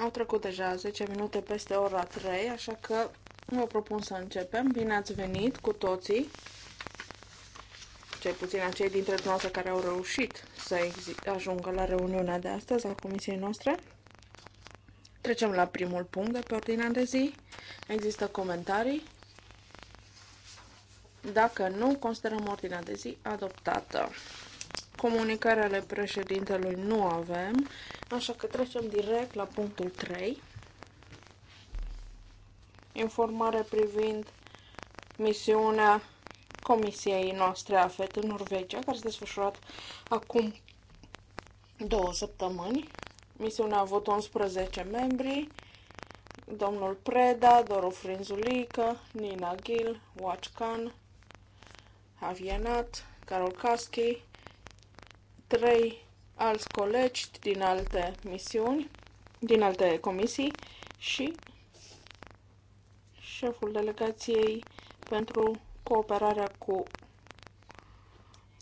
Au trecut deja 10 minute peste ora 3, așa că vă propun să începem. Bine ați venit cu toții, cei puțin acei dintre dumneavoastră care au reușit să ajungă la reuniunea de astăzi a comisiei noastre. Trecem la primul punct de pe ordinea de zi. Există comentarii. Dacă nu, considerăm ordinea de zi adoptată. Comunicarea ale președintelui nu avem, așa că trecem direct la punctul 3. Informare privind misiunea comisiei noastre AFET în Norvegia, care s-a desfășurat acum două săptămâni. Misiunea a avut 11 membri, domnul Preda, Doru Frinzulică, Nina Gil, Watchcan, Avienat, Carol Kaski, trei alți colegi din alte misiuni, din alte comisii și șeful delegației pentru cooperarea cu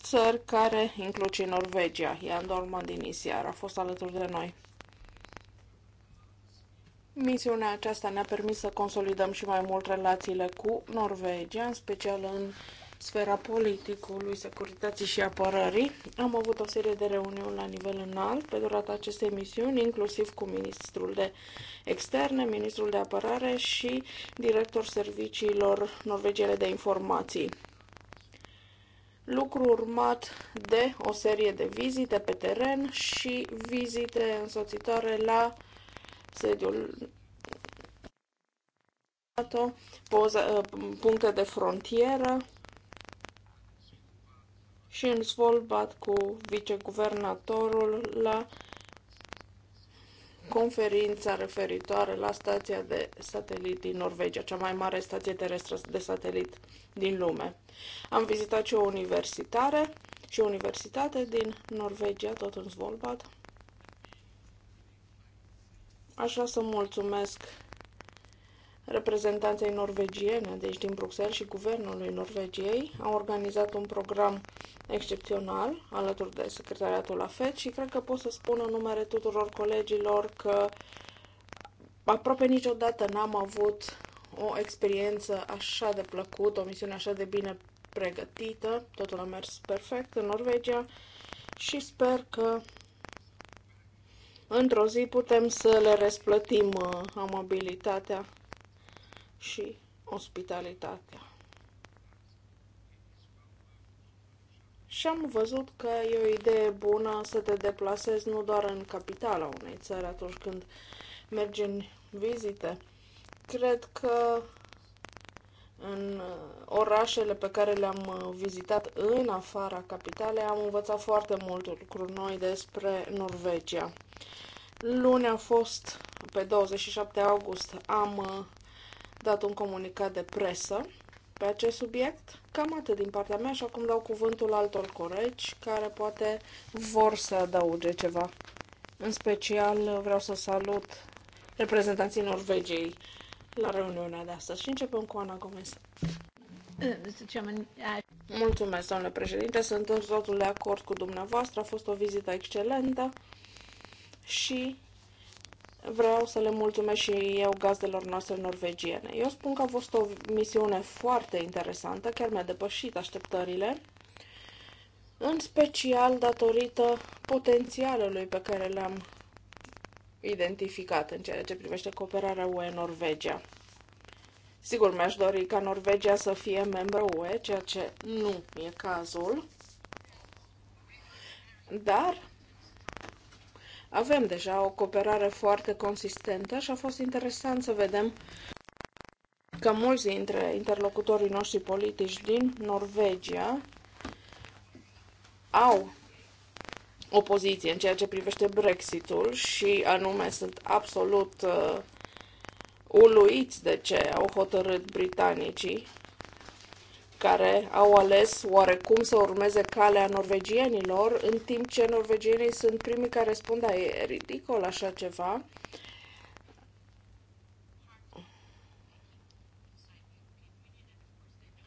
țări care includ și Norvegia. Ian Dorman din Isiar a fost alături de noi. Misiunea aceasta ne-a permis să consolidăm și mai mult relațiile cu Norvegia, în special în sfera politicului, securității și apărării. Am avut o serie de reuniuni la nivel înalt pe durata acestei misiuni, inclusiv cu ministrul de externe, ministrul de apărare și director serviciilor norvegiene de informații. Lucru urmat de o serie de vizite pe teren și vizite însoțitoare la sediul NATO, puncte de frontieră, și în Svolbard cu viceguvernatorul la conferința referitoare la stația de satelit din Norvegia, cea mai mare stație terestră de satelit din lume. Am vizitat și o universitare și o universitate din Norvegia, tot în Svolbard. Așa să mulțumesc reprezentanței norvegiene, deci din Bruxelles și guvernului Norvegiei, au organizat un program excepțional alături de secretariatul FED și cred că pot să spun în numere tuturor colegilor că aproape niciodată n-am avut o experiență așa de plăcută, o misiune așa de bine pregătită, totul a mers perfect în Norvegia și sper că într-o zi putem să le răsplătim uh, amabilitatea și ospitalitatea. Și am văzut că e o idee bună să te deplasezi nu doar în capitala unei țări atunci când mergi în vizite. Cred că în uh, orașele pe care le-am uh, vizitat în afara capitalei am învățat foarte multe lucruri noi despre Norvegia. Luni a fost, pe 27 august, am uh, dat un comunicat de presă pe acest subiect. Cam atât din partea mea și acum dau cuvântul altor colegi care poate vor să adauge ceva. În special vreau să salut reprezentanții Norvegiei la reuniunea de astăzi și începem cu Ana Gomez. Uh, Mulțumesc, domnule președinte, sunt în totul de acord cu dumneavoastră, a fost o vizită excelentă și Vreau să le mulțumesc și eu gazdelor noastre norvegiene. Eu spun că a fost o misiune foarte interesantă, chiar mi-a depășit așteptările, în special datorită potențialului pe care l-am identificat în ceea ce privește cooperarea UE-Norvegia. Sigur, mi-aș dori ca Norvegia să fie membru UE, ceea ce nu e cazul, dar avem deja o cooperare foarte consistentă și a fost interesant să vedem că mulți dintre interlocutorii noștri politici din Norvegia au o poziție în ceea ce privește Brexitul și anume sunt absolut uh, uluiți de ce au hotărât britanicii care au ales oarecum să urmeze calea norvegienilor, în timp ce norvegienii sunt primii care spun, da, e ridicol așa ceva.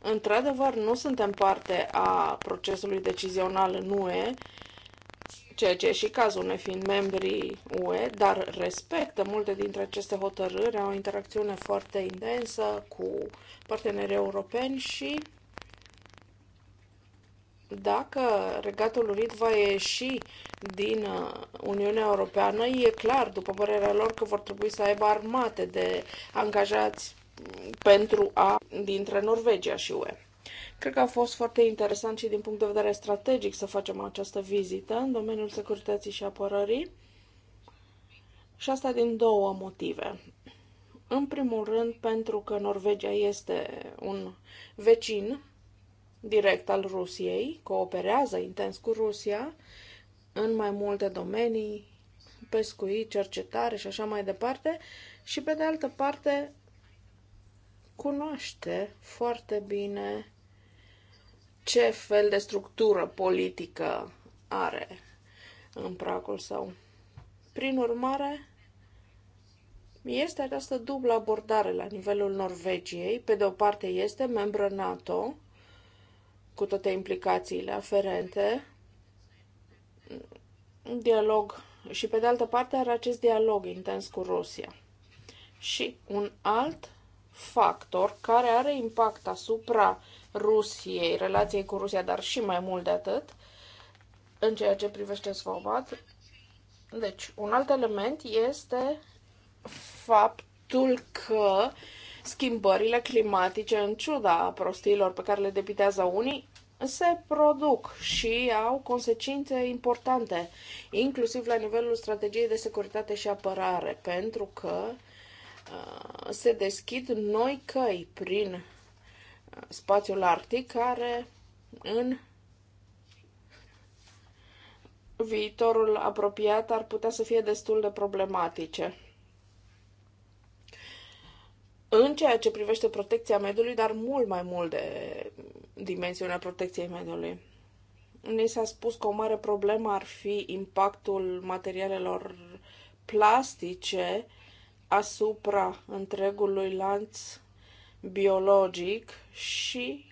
Într-adevăr, nu suntem parte a procesului decizional în UE, ceea ce e și cazul ne fiind membrii UE, dar respectă multe dintre aceste hotărâri, au o interacțiune foarte intensă cu partenerii europeni și dacă Regatul Unit va ieși din uh, Uniunea Europeană, e clar, după părerea lor, că vor trebui să aibă armate de angajați pentru a dintre Norvegia și UE. Cred că a fost foarte interesant și din punct de vedere strategic să facem această vizită în domeniul securității și apărării. Și asta din două motive. În primul rând, pentru că Norvegia este un vecin direct al Rusiei, cooperează intens cu Rusia în mai multe domenii, pescuit, cercetare și așa mai departe, și pe de altă parte cunoaște foarte bine ce fel de structură politică are în pragul său. Prin urmare, este această dublă abordare la nivelul Norvegiei. Pe de o parte este membră NATO, cu toate implicațiile aferente. Dialog și pe de altă parte are acest dialog intens cu Rusia. Și un alt factor care are impact asupra Rusiei, relației cu Rusia, dar și mai mult de atât, în ceea ce privește Svobat. Deci, un alt element este faptul că schimbările climatice, în ciuda prostiilor pe care le depitează unii, se produc și au consecințe importante, inclusiv la nivelul strategiei de securitate și apărare, pentru că uh, se deschid noi căi prin uh, spațiul arctic care în viitorul apropiat ar putea să fie destul de problematice. În ceea ce privește protecția mediului, dar mult mai mult de dimensiunea protecției mediului. Ni s-a spus că o mare problemă ar fi impactul materialelor plastice asupra întregului lanț biologic și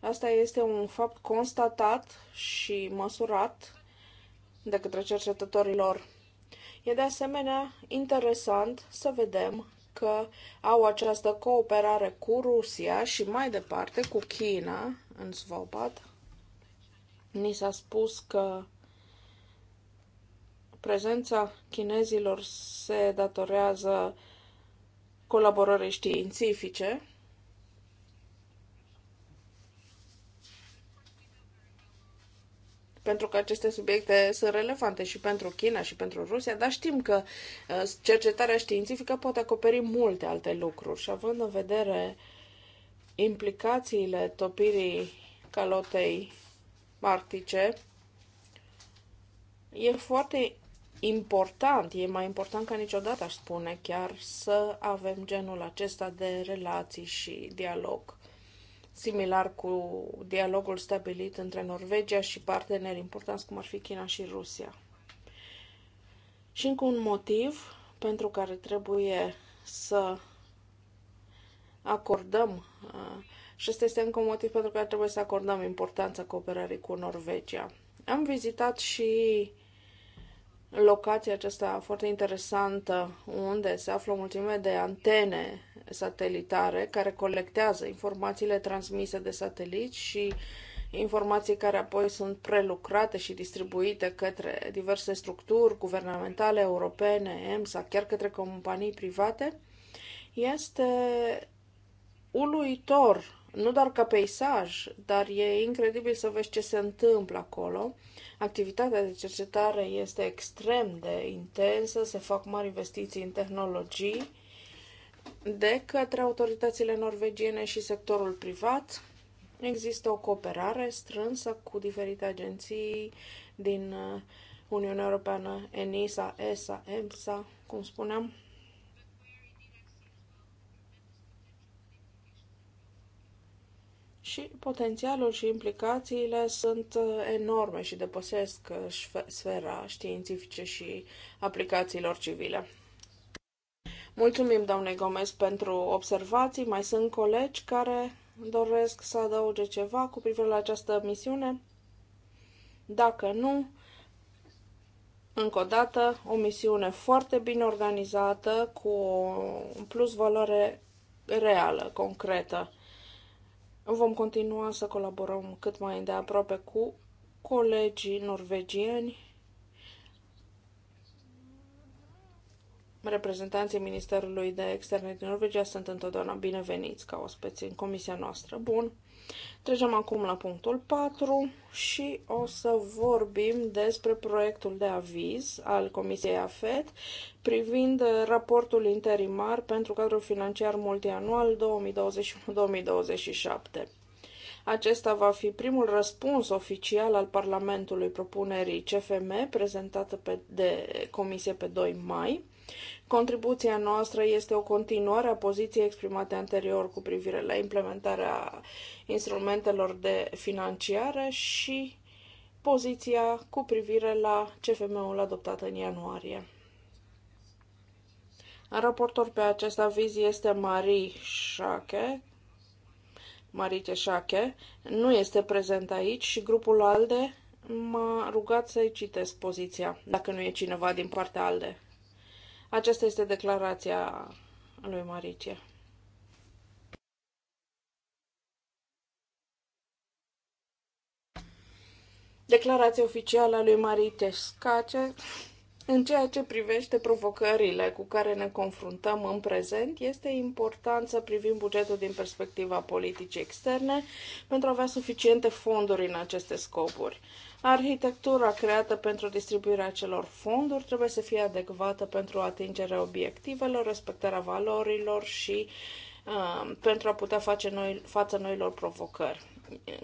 asta este un fapt constatat și măsurat de către cercetătorilor. E de asemenea interesant să vedem că au această cooperare cu Rusia și mai departe cu China, în Svobat. Ni s-a spus că prezența chinezilor se datorează colaborării științifice pentru că aceste subiecte sunt relevante și pentru China și pentru Rusia, dar știm că uh, cercetarea științifică poate acoperi multe alte lucruri și având în vedere implicațiile topirii calotei arctice, e foarte important, e mai important ca niciodată, aș spune chiar, să avem genul acesta de relații și dialog similar cu dialogul stabilit între Norvegia și parteneri importanți cum ar fi China și Rusia. Și încă un motiv pentru care trebuie să acordăm, și ăsta este încă un motiv pentru care trebuie să acordăm importanța cooperării cu Norvegia. Am vizitat și locația aceasta foarte interesantă unde se află o mulțime de antene satelitare care colectează informațiile transmise de sateliți și informații care apoi sunt prelucrate și distribuite către diverse structuri guvernamentale, europene, EMSA, chiar către companii private, este uluitor nu doar ca peisaj, dar e incredibil să vezi ce se întâmplă acolo. Activitatea de cercetare este extrem de intensă, se fac mari investiții în tehnologii de către autoritățile norvegiene și sectorul privat. Există o cooperare strânsă cu diferite agenții din uh, Uniunea Europeană, ENISA, ESA, EMSA, cum spuneam, și potențialul și implicațiile sunt uh, enorme și depăsesc uh, sfera științifice și aplicațiilor civile. Mulțumim, doamne Gomez, pentru observații. Mai sunt colegi care doresc să adauge ceva cu privire la această misiune? Dacă nu, încă o dată, o misiune foarte bine organizată, cu un plus valoare reală, concretă. Vom continua să colaborăm cât mai îndeaproape cu colegii norvegieni reprezentanții Ministerului de Externe din Norvegia sunt întotdeauna bineveniți ca ospeți în comisia noastră. Bun. Trecem acum la punctul 4 și o să vorbim despre proiectul de aviz al Comisiei AFET privind raportul interimar pentru cadrul financiar multianual 2021-2027. Acesta va fi primul răspuns oficial al Parlamentului propunerii CFM prezentată pe, de Comisie pe 2 mai Contribuția noastră este o continuare a poziției exprimate anterior cu privire la implementarea instrumentelor de financiare și poziția cu privire la CFM-ul adoptat în ianuarie. Raportor pe acest aviz este Marie Șache, Marie Șache, nu este prezent aici și grupul ALDE m-a rugat să-i citesc poziția, dacă nu e cineva din partea ALDE. Aceasta este declarația lui Maricia. Declarația oficială a lui Marie Scace în ceea ce privește provocările cu care ne confruntăm în prezent, este important să privim bugetul din perspectiva politicii externe pentru a avea suficiente fonduri în aceste scopuri. Arhitectura creată pentru distribuirea acelor fonduri trebuie să fie adecvată pentru atingerea obiectivelor, respectarea valorilor și uh, pentru a putea face noi, față noilor provocări.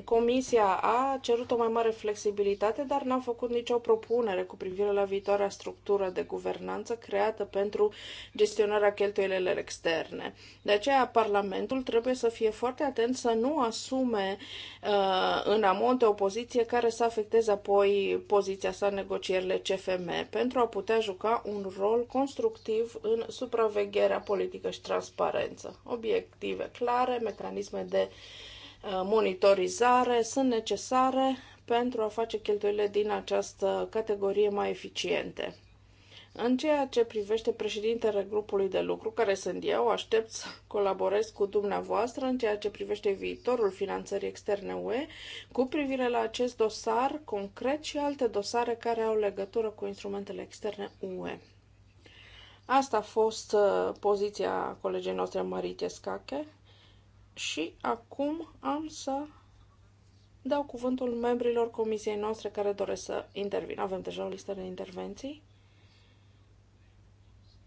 Comisia a cerut o mai mare flexibilitate, dar n-a făcut nicio propunere cu privire la viitoarea structură de guvernanță creată pentru gestionarea cheltuielilor externe. De aceea, Parlamentul trebuie să fie foarte atent să nu asume uh, în amonte o poziție care să afecteze apoi poziția sa în negocierile CFM, pentru a putea juca un rol constructiv în supravegherea politică și transparență. Obiective clare, mecanisme de uh, Uh, monitorizare sunt necesare pentru a face cheltuielile din această categorie mai eficiente. În ceea ce privește președintele grupului de lucru, care sunt eu, aștept să colaborez cu dumneavoastră în ceea ce privește viitorul finanțării externe UE cu privire la acest dosar concret și alte dosare care au legătură cu instrumentele externe UE. Asta a fost uh, poziția colegii noastre Marie Tescache și acum am să dau cuvântul membrilor comisiei noastre care doresc să intervină. Avem deja o listă de intervenții.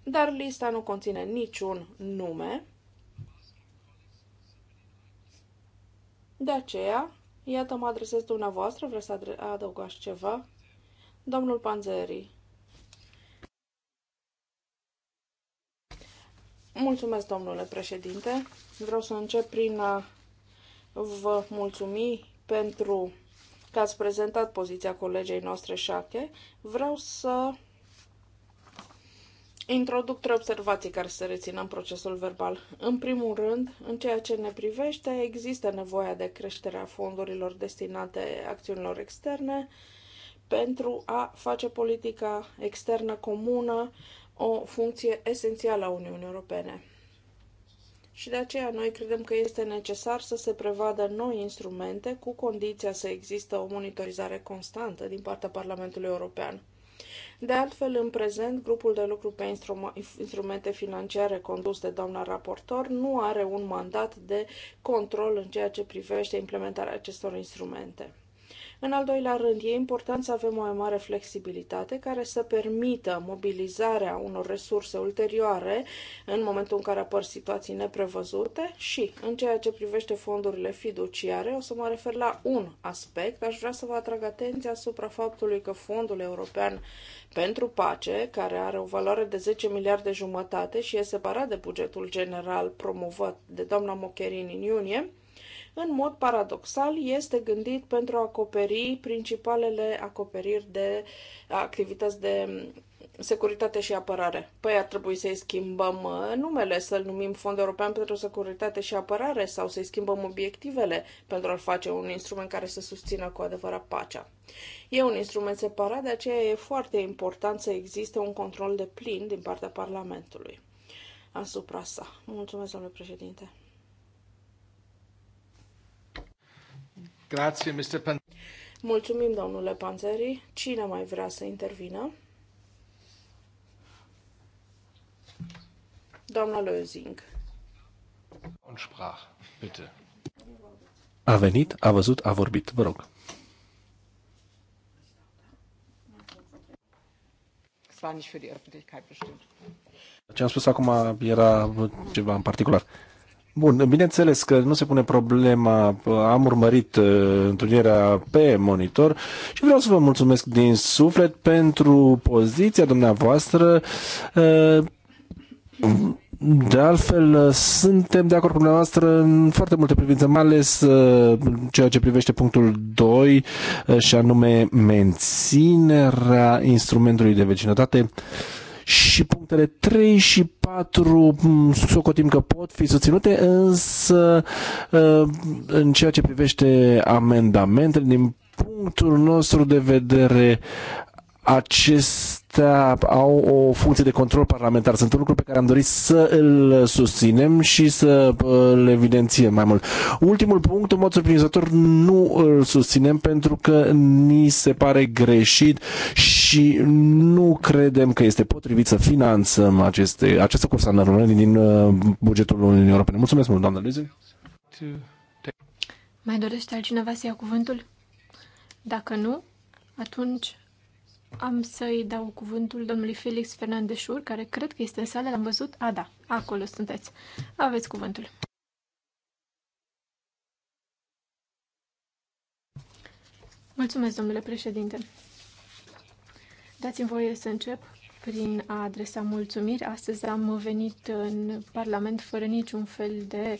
Dar lista nu conține niciun nume. De aceea, iată, mă adresez dumneavoastră, vreți să adăugați ceva? Domnul Panzeri. Mulțumesc, domnule președinte. Vreau să încep prin a vă mulțumi pentru că ați prezentat poziția colegei noastre șache. Vreau să introduc trei observații care se rețină în procesul verbal. În primul rând, în ceea ce ne privește, există nevoia de creșterea fondurilor destinate acțiunilor externe pentru a face politica externă comună o funcție esențială a Uniunii Europene și de aceea noi credem că este necesar să se prevadă noi instrumente cu condiția să există o monitorizare constantă din partea Parlamentului European. De altfel, în prezent, grupul de lucru pe instrumente financiare condus de doamna raportor nu are un mandat de control în ceea ce privește implementarea acestor instrumente. În al doilea rând, e important să avem o mai mare flexibilitate care să permită mobilizarea unor resurse ulterioare în momentul în care apar situații neprevăzute și, în ceea ce privește fondurile fiduciare, o să mă refer la un aspect. Aș vrea să vă atrag atenția asupra faptului că Fondul European pentru Pace, care are o valoare de 10 miliarde jumătate și e separat de bugetul general promovat de doamna Mocherini în iunie, în mod paradoxal, este gândit pentru a acoperi principalele acoperiri de activități de securitate și apărare. Păi ar trebui să-i schimbăm uh, numele, să-l numim Fond European pentru Securitate și Apărare sau să-i schimbăm obiectivele pentru a-l face un instrument care să susțină cu adevărat pacea. E un instrument separat, de aceea e foarte important să existe un control de plin din partea Parlamentului asupra sa. Mulțumesc, domnule președinte. Grazie, Mr. Pan- Mulțumim, domnule Panzeri. Cine mai vrea să intervină? Doamna Lözing. Und sprach, bitte. A venit, a văzut, a vorbit. Vă rog. Ce am spus acum era ceva în particular. Bun, bineînțeles că nu se pune problema, am urmărit uh, întâlnirea pe monitor și vreau să vă mulțumesc din suflet pentru poziția dumneavoastră. Uh, de altfel, uh, suntem de acord cu dumneavoastră în foarte multe privințe, mai ales ceea ce privește punctul 2 și anume menținerea instrumentului de vecinătate. Uh, și punctele 3 și 4 mm, socotim că pot fi susținute, însă uh, în ceea ce privește amendamentele, din punctul nostru de vedere, acestea au o funcție de control parlamentar. Sunt lucruri pe care am dorit să îl susținem și să uh, îl evidențiem mai mult. Ultimul punct, în mod surprinzător, nu îl susținem pentru că ni se pare greșit și și nu credem că este potrivit să finanțăm aceste, aceste cursă în înrolării din uh, bugetul Uniunii Europene. Mulțumesc mult, doamnă Luize. Mai dorește altcineva să ia cuvântul? Dacă nu, atunci am să-i dau cuvântul domnului Felix Fernandeșur, care cred că este în sală, l-am văzut. A, da, acolo sunteți. Aveți cuvântul. Mulțumesc, domnule președinte. Dați-mi voie să încep prin a adresa mulțumiri. Astăzi am venit în Parlament fără niciun fel de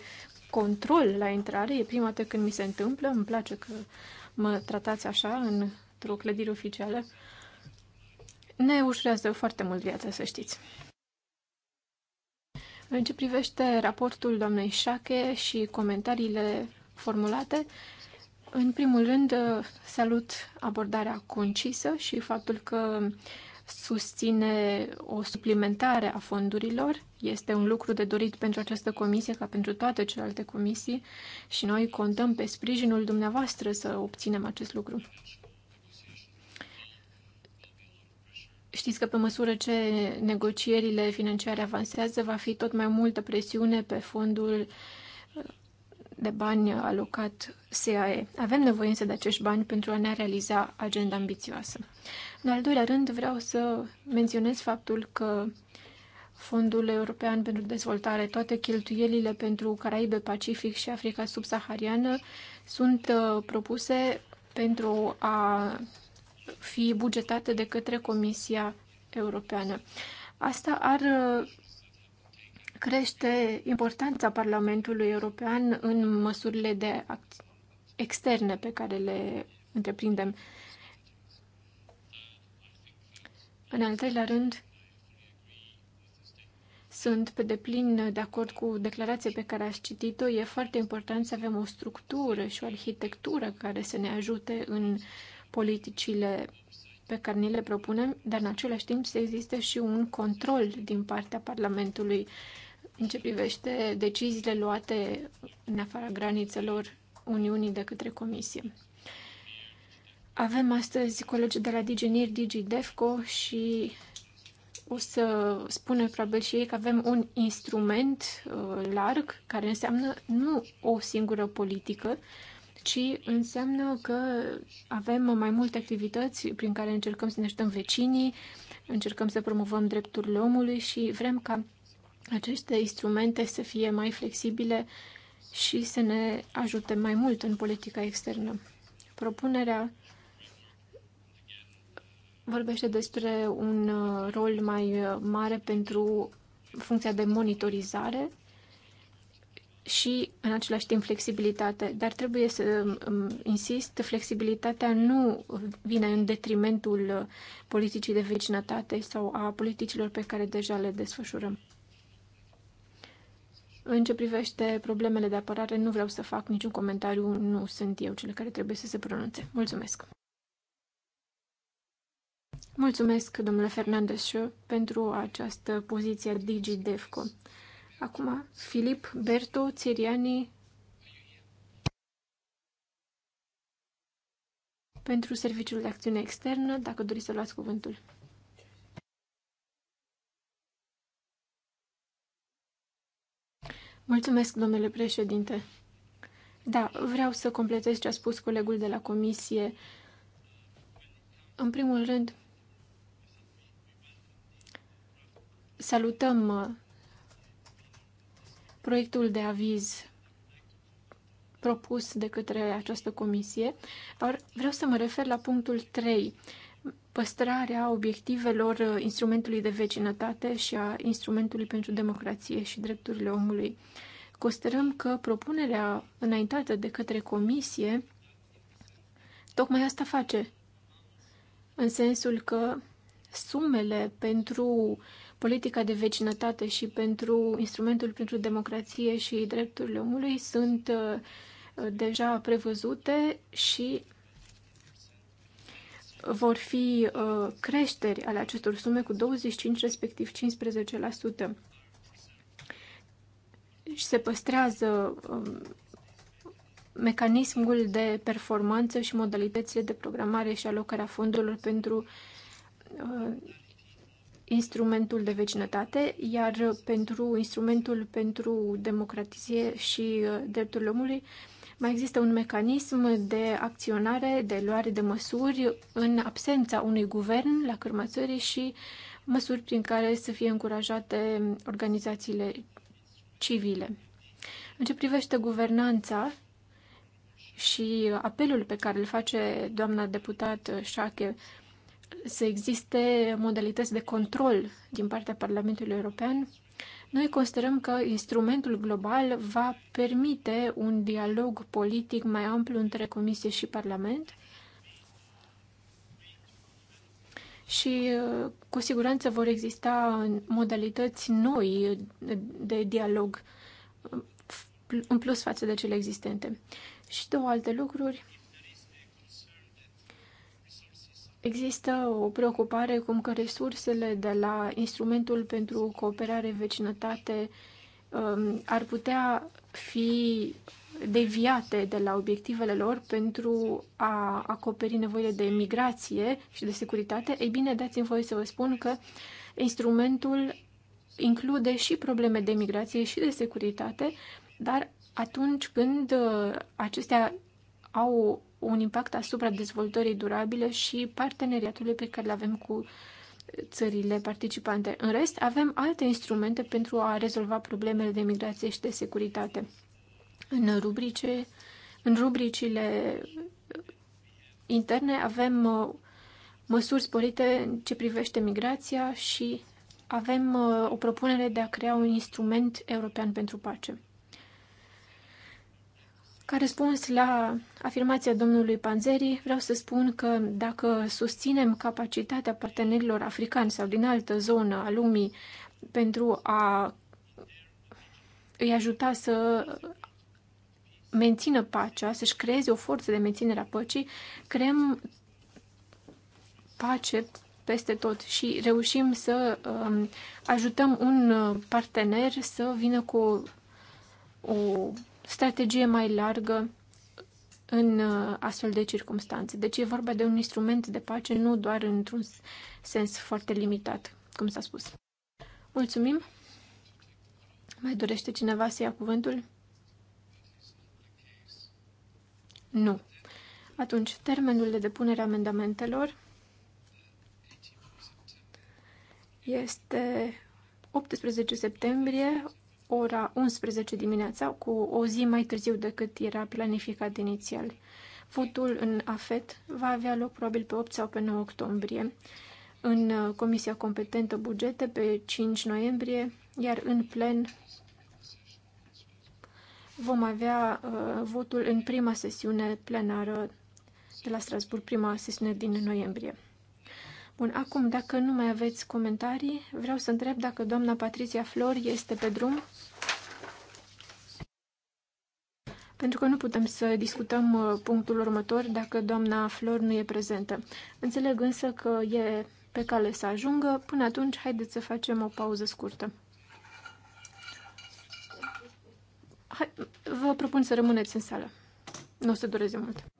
control la intrare. E prima dată când mi se întâmplă. Îmi place că mă tratați așa într-o clădire oficială. Ne ușurează foarte mult viața, să știți. În ce privește raportul doamnei Șache și comentariile formulate, în primul rând, uh, salut abordarea concisă și faptul că susține o suplimentare a fondurilor. Este un lucru de dorit pentru această comisie, ca pentru toate celelalte comisii, și noi contăm pe sprijinul dumneavoastră să obținem acest lucru. Știți că pe măsură ce negocierile financiare avansează, va fi tot mai multă presiune pe fondul uh, de bani alocat SAE. Avem nevoie însă de acești bani pentru a ne realiza agenda ambițioasă. În al doilea rând, vreau să menționez faptul că Fondul European pentru Dezvoltare, toate cheltuielile pentru Caraibe, Pacific și Africa subsahariană sunt uh, propuse pentru a fi bugetate de către Comisia Europeană. Asta ar uh, crește importanța Parlamentului European în măsurile de externe pe care le întreprindem. În al treilea rând, sunt pe deplin de acord cu declarația pe care aș citit-o. E foarte important să avem o structură și o arhitectură care să ne ajute în politicile pe care ni le propunem, dar în același timp să existe și un control din partea Parlamentului în ce privește deciziile luate în afara granițelor Uniunii de către Comisie. Avem astăzi colegi de la Digi DigiDefco și o să spunem probabil și ei că avem un instrument uh, larg care înseamnă nu o singură politică, ci înseamnă că avem mai multe activități prin care încercăm să ne ajutăm vecinii, încercăm să promovăm drepturile omului și vrem ca aceste instrumente să fie mai flexibile și să ne ajute mai mult în politica externă. Propunerea vorbește despre un uh, rol mai uh, mare pentru funcția de monitorizare și, în același timp, flexibilitate. Dar trebuie să um, insist, flexibilitatea nu vine în detrimentul uh, politicii de vecinătate sau a politicilor pe care deja le desfășurăm. În ce privește problemele de apărare, nu vreau să fac niciun comentariu, nu sunt eu cel care trebuie să se pronunțe. Mulțumesc! Mulțumesc, domnule Fernandez, pentru această poziție DigiDevco. Acum, Filip, Berto, Țiriani, pentru Serviciul de Acțiune Externă, dacă doriți să luați cuvântul. Mulțumesc, domnule președinte. Da, vreau să completez ce a spus colegul de la comisie. În primul rând, salutăm uh, proiectul de aviz propus de către această comisie, dar vreau să mă refer la punctul 3, păstrarea obiectivelor uh, instrumentului de vecinătate și a instrumentului pentru democrație și drepturile omului. Considerăm că propunerea înaintată de către Comisie tocmai asta face, în sensul că sumele pentru politica de vecinătate și pentru instrumentul pentru democrație și drepturile omului sunt uh, deja prevăzute și vor fi uh, creșteri ale acestor sume cu 25 respectiv 15%. Și se păstrează um, mecanismul de performanță și modalitățile de programare și alocarea fondurilor pentru uh, instrumentul de vecinătate, iar pentru instrumentul pentru democratizare și uh, drepturile omului uh, mai există un mecanism de acționare, de luare de măsuri în absența unui guvern la cârma și măsuri prin care să fie încurajate organizațiile civile. În ce privește guvernanța și apelul pe care îl face doamna deputat Șache să existe modalități de control din partea Parlamentului European, noi considerăm că instrumentul global va permite un dialog politic mai amplu între Comisie și Parlament și uh, cu siguranță vor exista modalități noi de dialog uh, în plus față de cele existente. Și două alte lucruri. Există o preocupare cum că resursele de la instrumentul pentru cooperare vecinătate um, ar putea fi deviate de la obiectivele lor pentru a acoperi nevoile de migrație și de securitate, ei bine, dați-mi voie să vă spun că instrumentul include și probleme de migrație și de securitate, dar atunci când uh, acestea au un impact asupra dezvoltării durabile și parteneriatului pe care îl avem cu țările participante. În rest, avem alte instrumente pentru a rezolva problemele de migrație și de securitate. În, rubrice, în rubricile interne avem uh, măsuri sporite în ce privește migrația și avem uh, o propunere de a crea un instrument european pentru pace. Ca răspuns la afirmația domnului Panzeri, vreau să spun că dacă susținem capacitatea partenerilor africani sau din altă zonă a lumii pentru a îi ajuta să mențină pacea, să-și creeze o forță de menținere a păcii, creăm pace peste tot și reușim să um, ajutăm un partener să vină cu o, o strategie mai largă în uh, astfel de circunstanțe. Deci e vorba de un instrument de pace, nu doar într-un sens foarte limitat, cum s-a spus. Mulțumim! Mai dorește cineva să ia cuvântul? Nu. Atunci, termenul de depunere a amendamentelor este 18 septembrie, ora 11 dimineața, cu o zi mai târziu decât era planificat inițial. Votul în AFET va avea loc probabil pe 8 sau pe 9 octombrie, în uh, Comisia Competentă Bugete pe 5 noiembrie, iar în plen vom avea uh, votul în prima sesiune plenară de la Strasburg, prima sesiune din noiembrie. Bun, acum, dacă nu mai aveți comentarii, vreau să întreb dacă doamna Patricia Flor este pe drum. Pentru că nu putem să discutăm uh, punctul următor dacă doamna Flor nu e prezentă. Înțeleg însă că e pe cale să ajungă. Până atunci, haideți să facem o pauză scurtă. Hai, vă propun să rămâneți în sală. Nu o să dureze mult.